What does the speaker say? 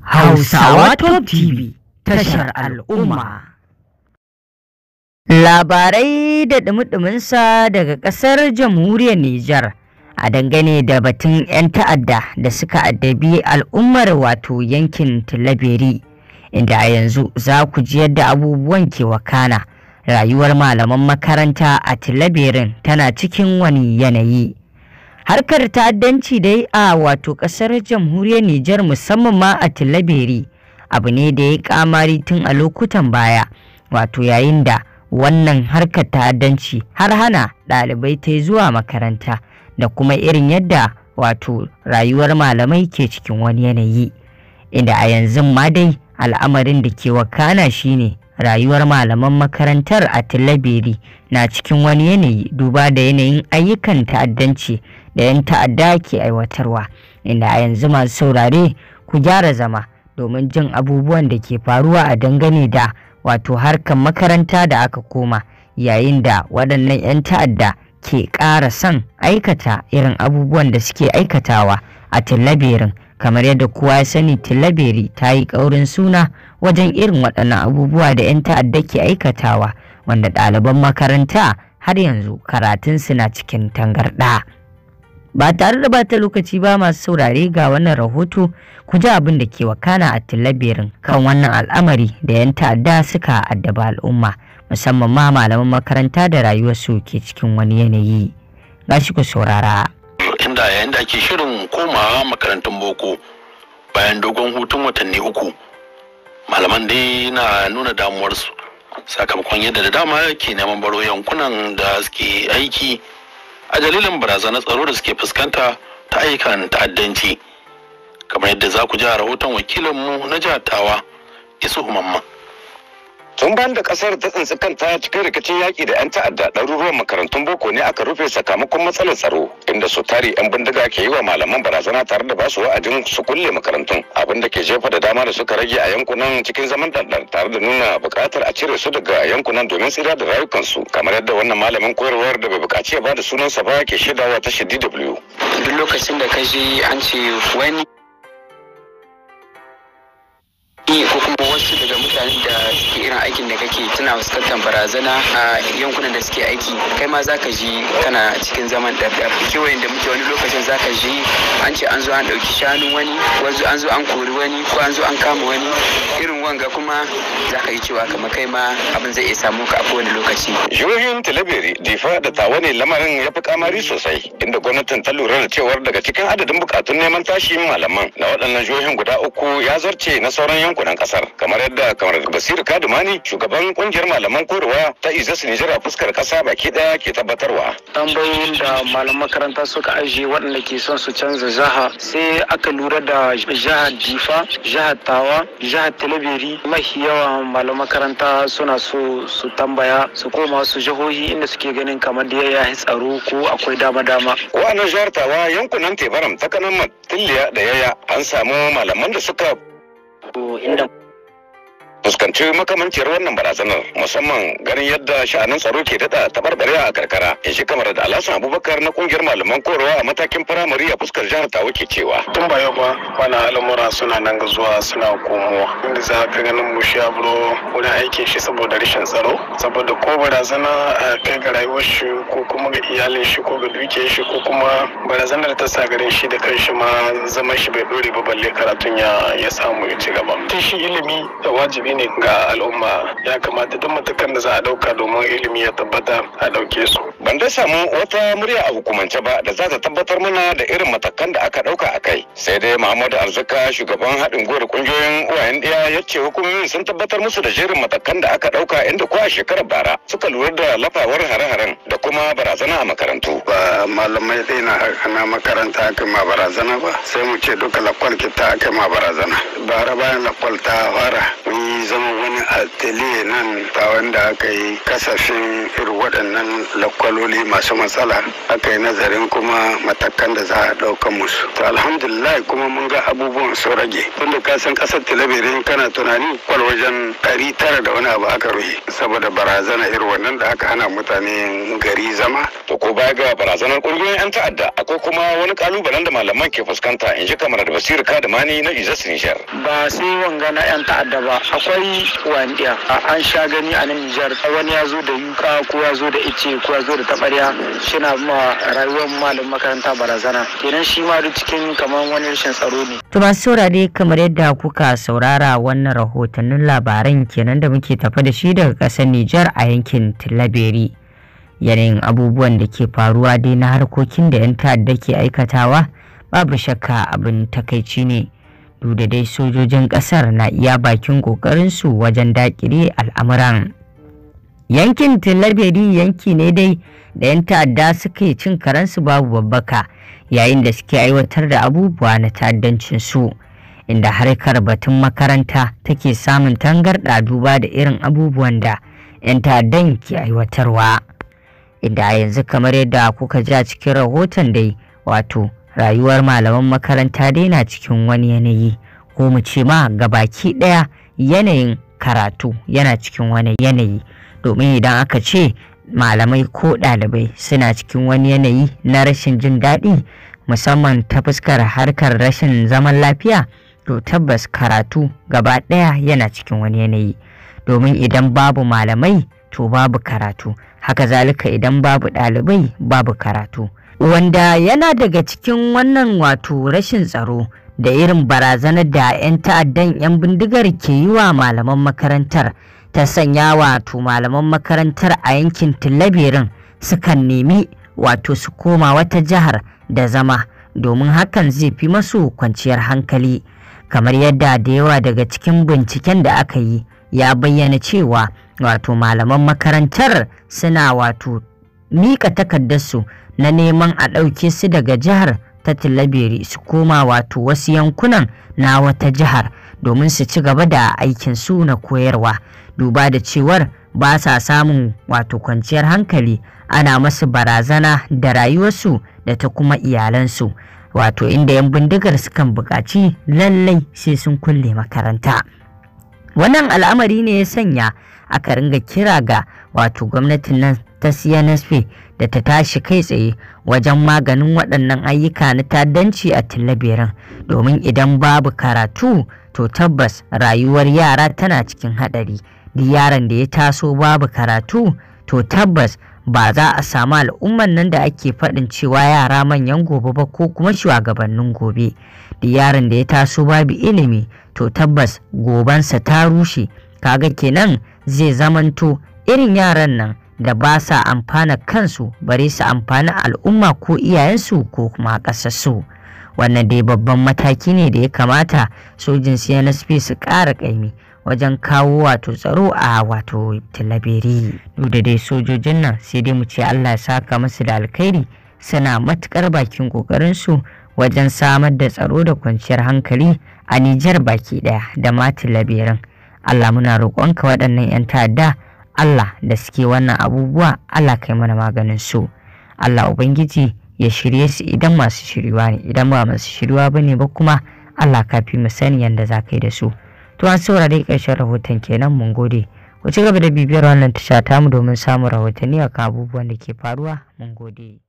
Hausawa Top TV tashar al'umma. Labarai da ɗumi sa daga ƙasar jamhuriyar Nijar a dangane da batun 'yan ta'adda da suka addabi al'ummar wato yankin Tilaberi inda a yanzu za ku ji yadda abubuwan ke wakana rayuwar malaman makaranta a Tilaberin tana cikin wani yanayi. harkar ta'addanci dai a wato kasar jamhuriyar Nijar musamman ma a Tillaberi abu ne da ya kamari tun a lokutan baya wato yayin da wannan harkar ta'addanci har hana ɗalibai ta zuwa makaranta da kuma irin yadda wato rayuwar malamai ke cikin wani yanayi inda a yanzu ma dai al'amarin da ke wakana shine rayuwar malaman makarantar a tilaberi na cikin wani yanayi duba da yanayin ayyukan ta'addanci da 'yan ta'adda ke aiwatarwa inda a yanzu masu saurare ku gyara zama domin jin abubuwan da ke faruwa a dangane da wato harkar makaranta da aka koma yayin da waɗannan 'yan ta'adda ke ƙara son aikata irin abubuwan da suke aikatawa a tilaberin kamar yadda kowa ya sani tilaberi ta yi ƙaurin suna wajen irin waɗannan abubuwa da 'yan ta'adda ke aikatawa wanda ɗaliban makaranta har yanzu karatun suna cikin tangarɗa. Ba tare da bata lokaci ba masu saurare ga wannan rahoto ku ji abin da ke wakana a tilabirin kan wannan al'amari da 'yan ta'adda suka addaba al'umma musamman ma malaman makaranta da rayuwarsu ke cikin wani yanayi. Gashi ku saurara. Inda yayin da ake shirin komawa makarantun boko bayan dogon hutun watanni uku. malaman dai na nuna damuwarsu sakamakon yadda da dama ke neman baro yankunan da suke aiki a dalilin barazanar tsaro da suke fuskanta ta ayyukan ta'addanci kamar yadda za ku ji a rahoton wakilinmu na jihar tawa isu mamman tun bayan da kasar ta tsinci kanta cikin rikicin yaƙi da 'yan ta'adda ɗaruruwan makarantun boko ne aka rufe sakamakon matsalar tsaro inda su tare 'yan bindiga ke yi wa malaman barazana tare da basu wa'adin su kulle makarantun abin da ke jefa da dama da suka rage a yankunan cikin zaman ɗanɗan tare da nuna buƙatar a cire su daga yankunan domin tsira da rayukansu kamar yadda wannan malamin koyarwar da bai buƙaci ya da sunansa ba ke shaidawa tashar DW. Duk lokacin da ka je an ce wani ne ko kuma wasu daga mutanen da suke irin aikin da kake tana fuskantar barazana a yankunan da suke aiki kai ma zaka ji kana cikin zaman ɗarɗar kewaye da muke wani lokacin zaka ji an ce an zo an ɗauki shanu wani wanzu an zo an kori wani ko an zo an kama wani irin wanga kuma zaka yi cewa kamar kai ma abin zai iya samu ka a kowane lokaci. jihohin talabiri difa da tawane ne lamarin ya fi kamari sosai inda gwamnatin ta lura da cewar daga cikin adadin bukatun neman tashi malaman na waɗannan jihohin guda uku ya zarce na sauran yankunan yankunan kasar kamar yadda kamar basir kadumani shugaban kungiyar malaman korewa ta izas nijar fuskar kasa baki daya ke tabbatarwa tambayoyin da malaman makaranta suka ajiye waɗanda ke son su canza jaha sai aka lura da jihar difa jihar tawa jihar talabiri mafi yawan malaman makaranta suna so su tambaya su koma su jihohi inda suke ganin kamar da ya yi tsaro ko akwai dama-dama wa'annan jihar tawa yankunan tebaram ta kanan matilliya da yaya an samu malaman da suka 그 인당 fuskanci makamanciyar wannan barazanar musamman ganin yadda sha'anin tsaro ke daɗa tabarbare a karkara in shi kamar da alasan abubakar na kungiyar malaman korowa a matakin firamare a fuskar jihar tawa ke cewa tun ba yau ba wani al'amura suna nan ga zuwa suna komowa inda za ka ganin mu shi buro, wani aikin shi saboda rashin tsaro saboda ko barazana a kai ga rayuwar shi ko kuma ga iyalin shi ko ga dukiyar shi ko kuma barazanar ta sa garin shi da kanshi ma zaman shi bai dore ba balle karatun ya samu ya ci gaba. Tun shi ilimi da wajibi ne ga al'umma ya kamata duk matakan da za a dauka domin ilimi ya tabbata a dauke su ban dai samu wata murya a hukumance ba da za ta tabbatar mana da irin matakan da aka dauka a kai sai dai muhammadu arzika shugaban haɗin gwiwar kungiyoyin uwayen ɗaya ya ce hukumomin sun tabbatar musu da jerin matakan da aka dauka inda ko a shekarar bara suka lura da lafawar hare-haren da kuma barazana a makarantu ba malamai dai na hana makaranta aka ma barazana ba sai mu ce duka lakwal kita aka ma barazana bara bayan lakwal ta fara zama wani atelier nan ba wanda aka yi kasafin irin waɗannan lakwaloli masu matsala aka yi nazarin kuma matakan da za a ɗaukan musu to alhamdulillah kuma mun ga abubuwan sun rage tunda ka san ƙasar talabirin kana tunani kwal wajen ɗari tara da wani abu aka rufe saboda barazana irin wannan da aka hana mutane gari zama to ko baya ga barazanar ƙungiyoyin 'yan ta'adda akwai kuma wani ƙalubalen da malaman ke fuskanta in ji kamar da basir kadamani na izasin nijar ba sai wanga na 'yan ta'adda ba akwai ai wandiya an sha gani a nan Nijar wani ya zo da yuka ko ya zo da ice ko ya zo da tabarya shina ma rayuwar malam makaranta barazana kenan shi ma duk cikin kamar wani rashin tsaro ne to masu saurare kamar yadda kuka saurara wannan rahotannin labaran kenan da muke tafa da shi daga ƙasar Nijar a yankin tilaberi yanayin abubuwan da ke faruwa dai na harkokin da 'yan ta'adda ke aikatawa babu shakka abin takaici ne. duk da dai sojojin ƙasar na iya bakin ƙoƙarinsu wajen daƙire al'amuran. Yankin Tilaberi yanki ne dai da 'yan ta'adda suke cin karensu babu babbaka yayin da suke aiwatar da abubuwa na ta'addancinsu. Inda harkar batun makaranta take samun tangarɗa duba da irin abubuwan da 'yan ta'addan ke aiwatarwa. Inda yanzu kamar yadda kuka ji a cikin rahoton dai wato rayuwar malaman makaranta dai na cikin wani yanayi ko mu ce ma baki ɗaya yanayin karatu yana cikin wani yanayi domin idan aka ce malamai ko ɗalibai suna cikin wani yanayi na rashin jin daɗi musamman ta fuskar harkar rashin zaman lafiya to tabbas karatu gaba ɗaya yana cikin wani yanayi domin idan babu malamai to babu karatu haka zalika idan babu ɗalibai babu karatu wanda yana daga cikin wannan wato rashin tsaro da irin barazanar da 'yan ta'addan 'yan bindigar ke yi wa malaman makarantar ta sanya wato malaman makarantar a yankin tilabirin sukan nemi wato su koma wata jihar da zama domin hakan zai fi masu kwanciyar hankali kamar yadda da yawa daga cikin binciken da aka yi ya bayyana cewa wato malaman makarantar suna wato mika takardarsu na neman a ɗauke su daga jihar ta tilabiri su koma wato wasu yankunan na wata jihar domin su ci gaba da aikin su na koyarwa duba da cewar ba sa samun wato kwanciyar hankali ana masu barazana da rayuwarsu da ta kuma iyalansu wato inda 'yan bindigar sukan buƙaci lallai sai sun kulle makaranta. wannan al'amari ne ya sanya aka ringa kira ga wato gwamnatin nan ta cnsp da ta tashi kai tsaye wajen maganin waɗannan ayyuka na ta'addanci a tillaberin domin idan babu karatu to tabbas rayuwar yara tana cikin haɗari duk yaron da ya taso babu karatu to tabbas ba za a samu al'umman nan da ake faɗin cewa yara manyan gobe ba ko kuma shugabannin gobe da yaron da ya taso babu ilimi to tabbas gobansa ta rushe kaga kenan zai zamanto irin yaran nan da ba sa amfana kansu bare su amfani al'umma ko iyayensu ko kuma ƙasarsu wannan dai babban mataki ne da ya kamata sojin cnsp su ƙara ƙaimi wajen kawo wato tsaro a wato talabiri duk da dai sojojin nan sai dai mu ce allah ya saka masu da alkhairi suna matukar bakin su wajen samar da tsaro da kwanciyar hankali a nijar baki ɗaya da ma talabirin allah muna roƙonka waɗannan 'yan ta'adda allah da suke wannan abubuwa allah kai mana maganin su allah ubangiji ya shirye su idan masu shiriwa ne idan ba masu shiriwa ba ne ba kuma allah ka fi mu sani yadda za ka yi da su to an ƙarshen rahoton kenan mun gode ku ci gaba da bibiyar wannan tasha tamu domin samun rahotanni akan abubuwan da ke faruwa mun gode